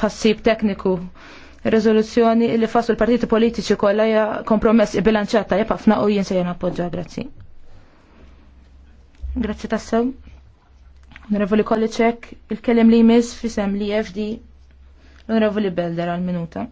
tassib tekniku rezoluzzjoni li fassu l-partiti politiċi kollha hija kompromess bilanċata ja ħafna u jien se appoġġa grazzi. Grazzi tassew. Onorevoli ċek, il-kellem li jmiss fisem li FD, Onorevoli Belder għal-minuta.